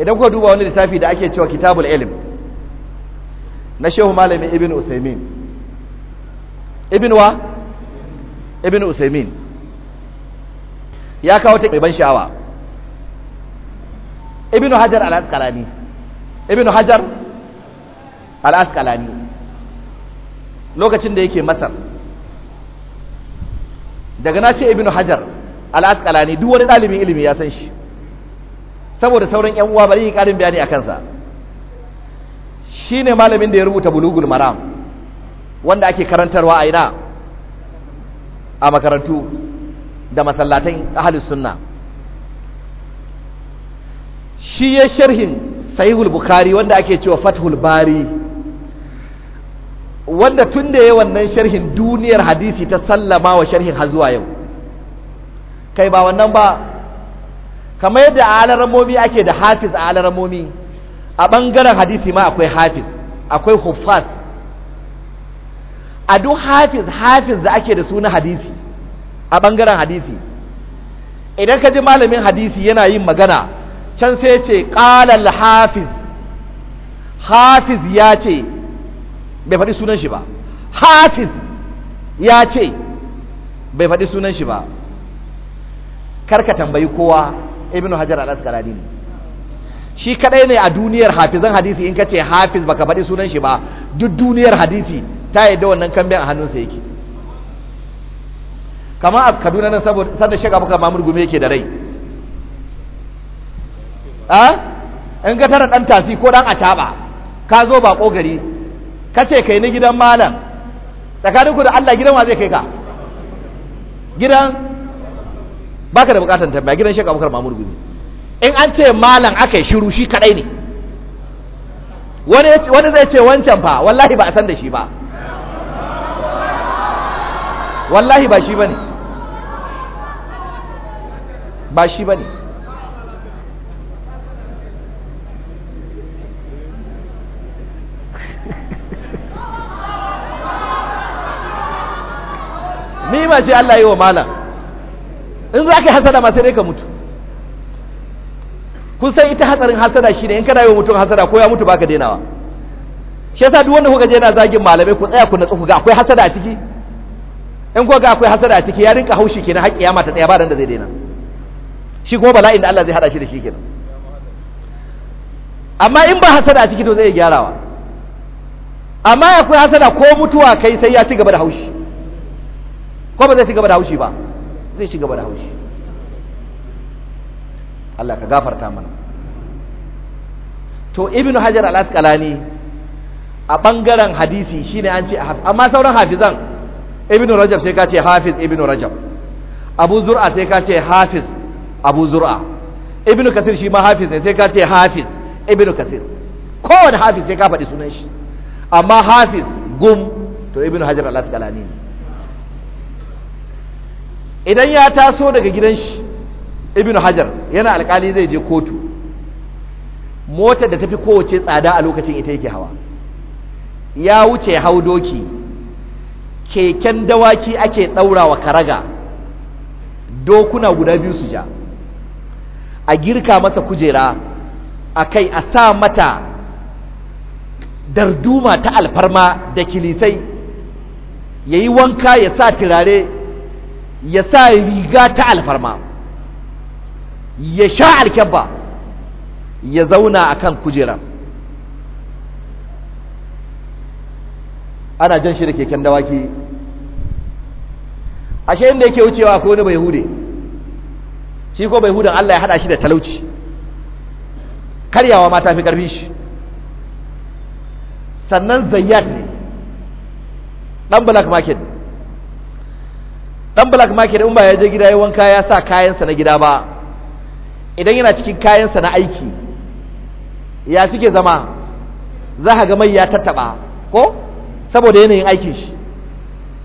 idan kuka duba wani littafi da ake cewa kitabul ilm na shehu malamin ibn usaimin ibn wa ibn usaimin ya kawo ta ban sha'awa ibn hajar al-asqalani ibn hajar al-asqalani lokacin da yake masar daga na ce ibn hajar al-asqalani duk wani ɗalibin ilimi ya san shi saboda sauran yan uwa bari yi ƙarin bayani a kansa shine malamin da ya rubuta bulugul maram wanda ake karantarwa a ina a makarantu da masallatan ahlus sunna shi ya sharhin sahihul bukhari wanda ake cewa fathul bari wanda tun da ya wannan sharhin duniyar hadisi ta sallama wa sharhin har zuwa yau kai ba wannan ba kamar yadda a alaramomi ake da hafiz a alaramomi a bangaren hadisi ma akwai hafiz akwai hufas a duk hafiz hafiz da ake da suna hadisi a bangaren hadisi idan ka ji malamin hadisi yana yin magana can sai ce ƙalal hafiz hafiz ya ce bai faɗi sunan shi ba hafiz ya ce bai faɗi sunan shi ba karka tambayi kowa ibn hajar al-asqalani ne shi kadai ne a duniyar hafizan hadisi in ka ce hafiz baka faɗi sunan shi ba duk duniyar hadisi ta yadda wannan kamben a hannunsa yake kama a kaduna nan saboda sanda shek abubakar yake da rai in ga tara ɗan tasi ko ɗan acaɓa ka zo baƙo gari ka ce kai ni gidan malam tsakaninku da Allah gidan wa zai kai ka gidan baka da bukatan tambaya gidan Sheikh Abubakar Mamur Gumi in an ce malam akai shiru shi kadai ne wani zai ce wancan fa wallahi ba a san da shi ba wallahi ba shi bane ba shi bane ma ce Allah yi wa mala in za ka yi hasada masu ne ka mutu kun ita hatsarin hasada shi ne in kana yi wa mutum hasada ko ya mutu ba baka wa shi yasa duk wanda kuka je yana zagin malamai ku tsaya ku natsu ku ga akwai hasada a ciki in kuka ga akwai hasada a ciki ya rinka haushi kenan haƙƙi ya mata tsaya ba dan da zai daina shi kuma bala'in da Allah zai hada shi da shi kenan amma in ba hasada a ciki to zai gyarawa amma akwai hasada ko mutuwa kai sai ya ci gaba da haushi ko ba zai ci gaba da haushi ba zai ci gaba da haushi Allah ka gafarta mana to ibnu hajar al-asqalani a bangaren hadisi shine an ce amma sauran hafizan ibnu rajab sai ka ce hafiz ibnu rajab abu zur'a sai ka ce hafiz abu zur'a ibnu kasir shi ma hafiz ne sai ka ce hafiz ibnu kasir kowane hafiz sai ka faɗi sunan shi amma hafiz gum to ibnu hajar al-asqalani ne idan ya taso daga gidan shi ibnu hajar yana alkali zai je kotu motar da tafi kowace tsada a lokacin ita yake hawa ya wuce hau doki keken dawaki ake ɗaurawa karaga dokuna guda biyu su ja a girka masa kujera a kai a sa mata darduma ta alfarma da kilisai ya yi wanka ya sa turare ya sa riga ta alfarma ya sha alkyabba ya zauna a kan kujera ana jan shi da keken dawaki ashe inda yake wucewa ko wani bai hude shi ko bai hudan Allah ya hada shi da talauci karyawa ma ta fi karfi shi sannan zayyat ne ɗan black market dan black market in ba ya je gida ya wanka ya sa kayansa na gida ba idan yana cikin kayansa na aiki ya suke zama za ka ga mai ya tattaba ko saboda yanayin aikin shi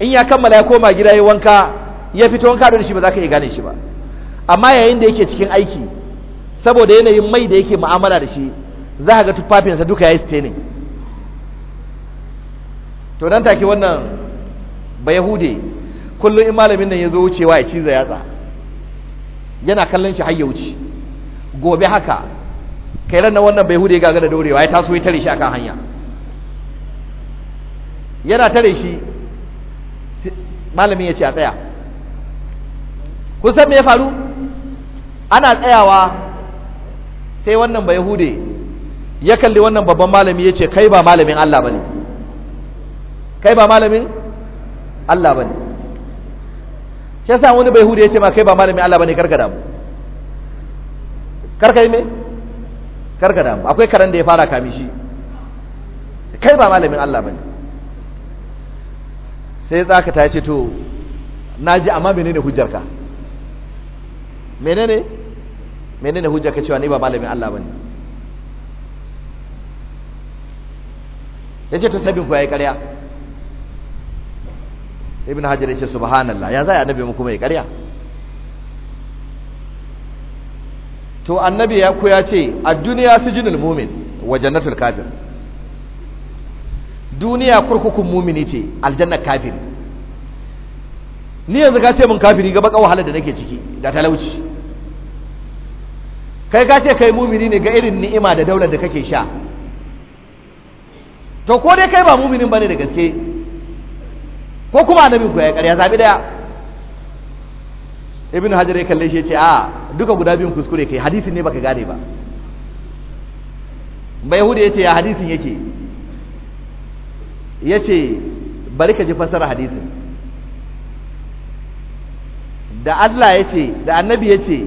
in ya kammala ya koma gida ya wanka ya fito wanka da shi ba za ka iya gane shi ba amma yayin da yake cikin aiki saboda yanayin mai da yake mu'amala da shi za ka ga tufafinsa duka ya yi to nan take wannan ba yahude kullum in malamin nan ya zo wucewa ya ciza yatsa yana kallon shi har ya wuce gobe haka kai ran nan wannan bai hude gaga da dorewa ya taso ya tare shi akan hanya yana tare shi malamin ya ce a tsaya kun san me ya faru ana tsayawa sai wannan bai hude ya kalli wannan babban malami ya ce kai ba malamin Allah ba ne kai ba malamin Allah ba ne shi yasa wani bai hudu ya ce ma kai ba malamin Allah bane karkada damu karkai yi me karkada damu akwai karan da ya fara kami shi kai ba malamin Allah bane sai zaka ta ce to naji amma menene hujjarka menene menene hujjarka cewa ni ba malamin Allah bane yace to sabin ku yayi karya ibn hajar ya ce subhanallah ya za a annabi mu kuma ya karya to annabi ya koya ce a duniya sujinul mumin wa jannatul kafir duniya kurkukun mumini ce aljanna kafir ni yanzu ka ce mun kafiri ga baka wahalar da nake ciki da talauci kai ka ce kai mumini ne ga irin ni'ima da daular da kake sha to ko dai kai ba muminin bane da gaske ko kuma annabi ku ya ƙarya zabi daya ibnu hajar ya kalle shi ya ce a duka guda biyun kuskure kai hadisin ne baka gane ba bayhuda ya ce ya hadisin yake ya ce bari ka ji fasara hadisin da Allah ya ce da annabi ya ce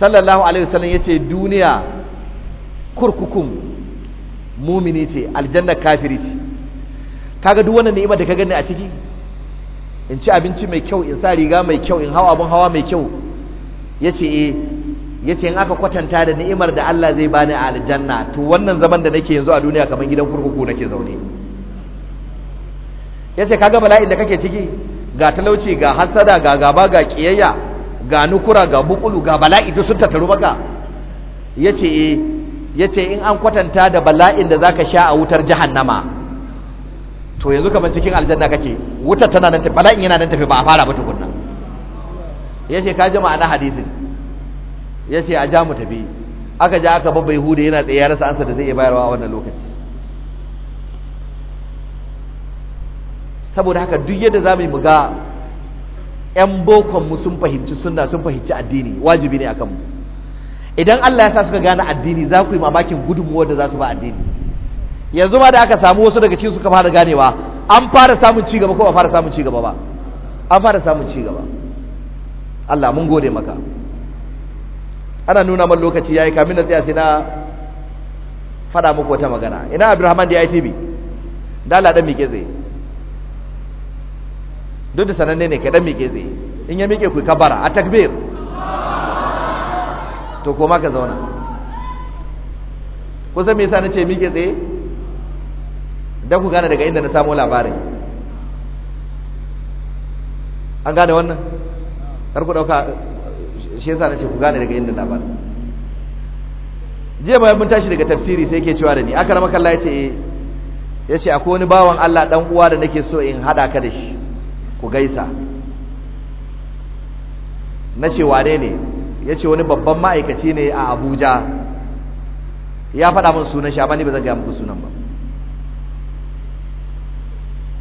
sallallahu alaihi wasallam ya ce duniya kurkukun mumini ce aljanna kafiri ce kaga duk wannan ni'imar da ka gani a ciki in ci abinci mai kyau in sa riga mai kyau in hawa abin hawa mai kyau yace eh yace in aka kwatanta da ni'imar da Allah zai bani a aljanna to wannan zaman da nake yanzu a duniya kaman gidan kurkuku nake zaune yace kaga bala'in da kake ciki ga talauci ga hasada ga gaba ga kiyayya ga nukura ga bukulu ga bala'i duk sun tattaru maka yace eh yace in an kwatanta da bala'in da zaka sha a wutar jahannama to yanzu ban cikin aljanna kake wutar tana nan tafi bala'in yana nan tafi ba a fara ba tukunna yace ka ji ma'ana hadisin yace a ja mu tafi aka ja aka babba yahuda yana tsaye ya rasa ansa da zai iya bayarwa a wannan lokaci saboda haka duk yadda za mu yi mu ga 'yan bokonmu sun fahimci sunna sun fahimci addini wajibi ne akan mu idan Allah ya sa suka gane addini za ku yi mamakin gudunmuwar da za su ba addini yanzu ma da aka samu wasu daga cikin suka fara ganewa an fara samun ci gaba ko ba fara samun ci gaba ba an fara samun ci gaba Allah mun gode maka ana nuna man lokaci yayi kamin na tsaya sai na fada muku wata magana ina Abdulrahman da ITV da Allah dan mike zai duk da sananne ne kai dan mike zai in ya mike ku kabara a takbir to koma ka zauna kusan me yasa nace mike tsaye da ku gane daga inda na samo labarin an gane wannan har ku dauka shi yasa nace ku gane daga inda labarin jiya bayan mun tashi daga tafsiri sai yake cewa da ni aka ramaka Allah yace yace akwai wani bawan Allah dan uwa da nake so in hada ka da shi ku gaisa nace wane ne yace wani babban ma'aikaci ne a Abuja ya faɗa min sunan shi amma ni ba zan ga muku sunan ba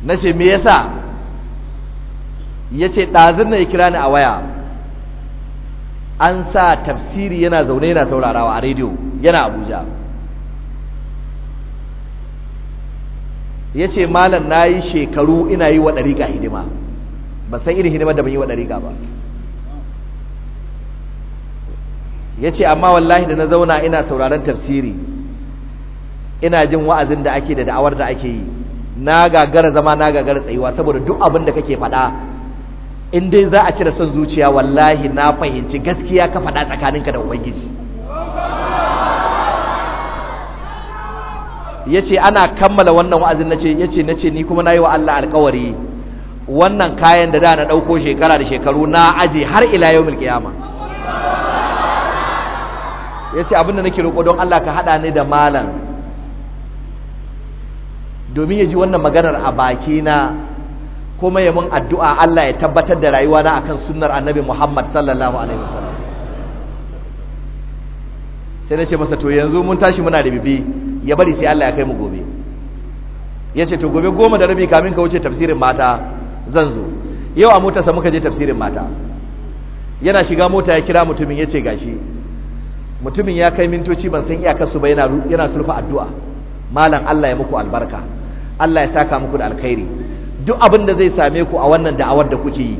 na ce me yasa ya ce ɗazin na ya kira ni a waya an sa tafsiri yana zaune yana saurarawa a rediyo yana abuja ya ce malam na yi shekaru ina yi wa ɗariƙa hidima ba san irin hidima da ban yi wa ɗariƙa ba ya ce amma wallahi da na zauna ina sauraron tafsiri ina jin wa'azin da ake da da'awar da ake yi na gagara zama na gagara tsayuwa saboda duk abin da kake faɗa in dai za a cire son zuciya wallahi na fahimci gaskiya ka faɗa tsakaninka da ubangiji ya ce ana kammala wannan wa'azin na ce ya ce na ce ni kuma na yi wa Allah alkawari wannan kayan da da na ɗauko shekara da shekaru na aje har ila yau kiyama ya ce abinda nake roƙo don Allah ka haɗa ni da malam domin ya ji wannan maganar a baki na kuma ya mun addu'a Allah ya tabbatar da rayuwa na akan sunnar annabi Muhammad sallallahu alaihi wasallam sai na ce masa to yanzu mun tashi muna da bibi ya bari sai Allah ya kai mu gobe ya ce to gobe goma da rabi kamin ka wuce tafsirin mata zan zo yau a sa muka je tafsirin mata yana shiga mota ya kira mutumin ya ce gashi mutumin ya kai mintoci ban san iyakarsu ba yana sulfa addu'a malam Allah ya muku albarka Allah ya saka muku da alkhairi duk abin da zai same ku a wannan da'awar da kuke yi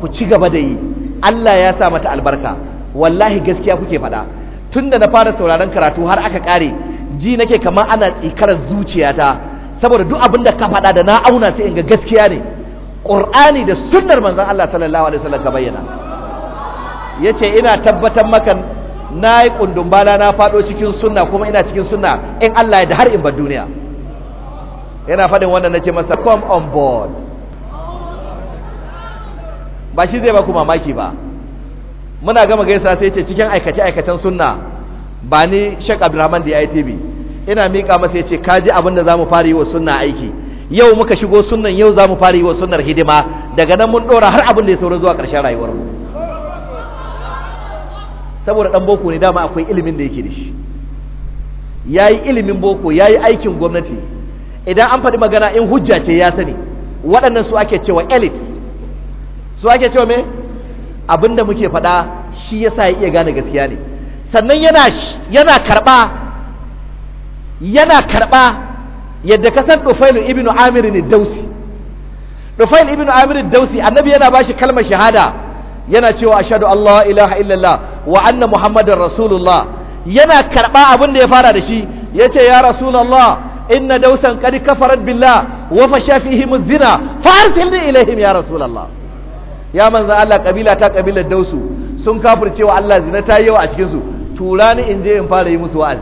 ku ci gaba da yi Allah ya sa mata albarka wallahi gaskiya kuke faɗa tunda na fara sauraron karatu har aka ƙare ji nake kamar ana tsikarar zuciyata saboda duk abin da ka faɗa da na auna sai in ga gaskiya ne Qur'ani da sunnar manzon Allah sallallahu alaihi wasallam ka bayyana yace ina tabbatar maka nayi kundumbala na faɗo cikin sunna kuma ina cikin sunna in Allah ya da har in bar duniya yana faɗin wanda na ce masa come on board ba shi zai ba ku mamaki ba muna gama gaisa sai ce cikin aikace-aikacen sunna ba ni shek abdulrahman da tibi ina miƙa masa ya ce kaji abin da za mu fara yi wa sunna aiki yau muka shigo sunnan yau za fara yi wa sunnar hidima daga nan mun ɗora har abin da ya sauran zuwa ƙarshen rayuwar mu saboda ɗan boko ne dama akwai ilimin da yake da shi ya yi ilimin boko ya yi aikin gwamnati idan an faɗi magana in hujja ce ya sani waɗannan su ake cewa elite su ake cewa me abinda muke faɗa shi ya sa ya iya gane gaskiya ne sannan yana yana karɓa yana karɓa yadda ka san Dufailu ibn Amir Dausi Dufail ibn Amir Dausi annabi yana bashi kalmar shahada yana cewa shaɗu Allah ilaha illallah wa anna muhammadar rasulullah yana karɓa abin da ya fara da shi ya ce ya rasulullah inna dausan qad kafarat billah wa fasha fihim az-zina fa arsilni ilaihim ya rasulullah ya manzo Allah kabila ta kabilar dausu sun kafirce cewa Allah zina ta yawa a cikin su tura ni in je in fara yi musu wa'azi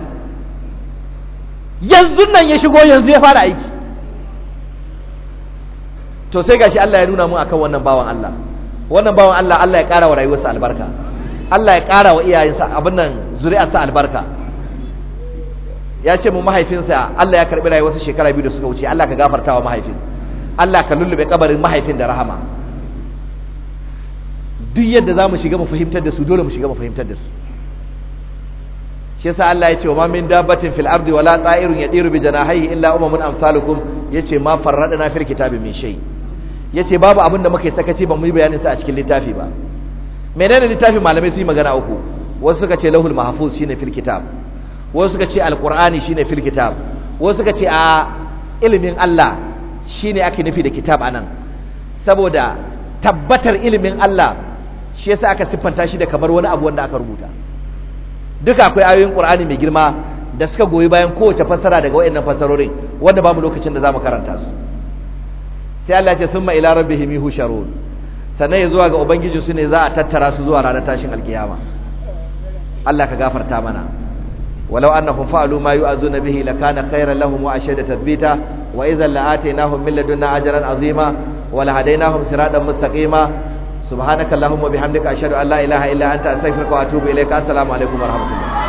yanzu nan ya shigo yanzu ya fara aiki to sai gashi Allah ya nuna mu akan wannan bawan Allah wannan bawan Allah Allah ya ƙara wa rayuwarsa albarka Allah ya ƙara wa iyayensa abin nan zuri'arsa albarka ya ce mu mahaifinsa Allah ya karbi rayuwarsa shekara biyu da suka wuce Allah ka gafarta wa mahaifin Allah ka lullube kabarin mahaifin da rahama duk yadda za mu shiga mu fahimtar da su dole mu shiga mu fahimtar da su shi yasa Allah ya ce wa min dabbatin fil ardi wala ta'irun yadiru bi janahihi illa umamun amsalukum yace ma farradna fil kitabi min shay yace babu abin da muka yi sakaci ba mu yi bayanin sa a cikin littafi ba menene littafin malamai su yi magana uku wasu suka ce lahul mahfuz shine fil kitab wasu suka ce alkur'ani shine fil kitab wasu suka ce a ilimin Allah shine ake nufi da kitab anan saboda tabbatar ilimin Allah shi yasa aka siffanta shi da kamar wani abu wanda aka rubuta duka akwai ayoyin qur'ani mai girma da suka goyi bayan kowace fassara daga wayannan fassarorin wanda babu lokacin da zamu karanta su sai Allah ya ce summa ila rabbihim yuhsharun sannan ya zuwa ga ubangijinsu ne za a tattara su zuwa ranar tashin alkiyama Allah ka gafarta mana ولو أنهم فعلوا ما يؤذون به لكان خيرا لهم وأشد تثبيتا وإذا لآتيناهم من لدنا أجرا عظيما ولهديناهم صراطا مستقيما سبحانك اللهم وبحمدك أشهد أن لا إله إلا أنت أستغفرك وأتوب إليك السلام عليكم ورحمة الله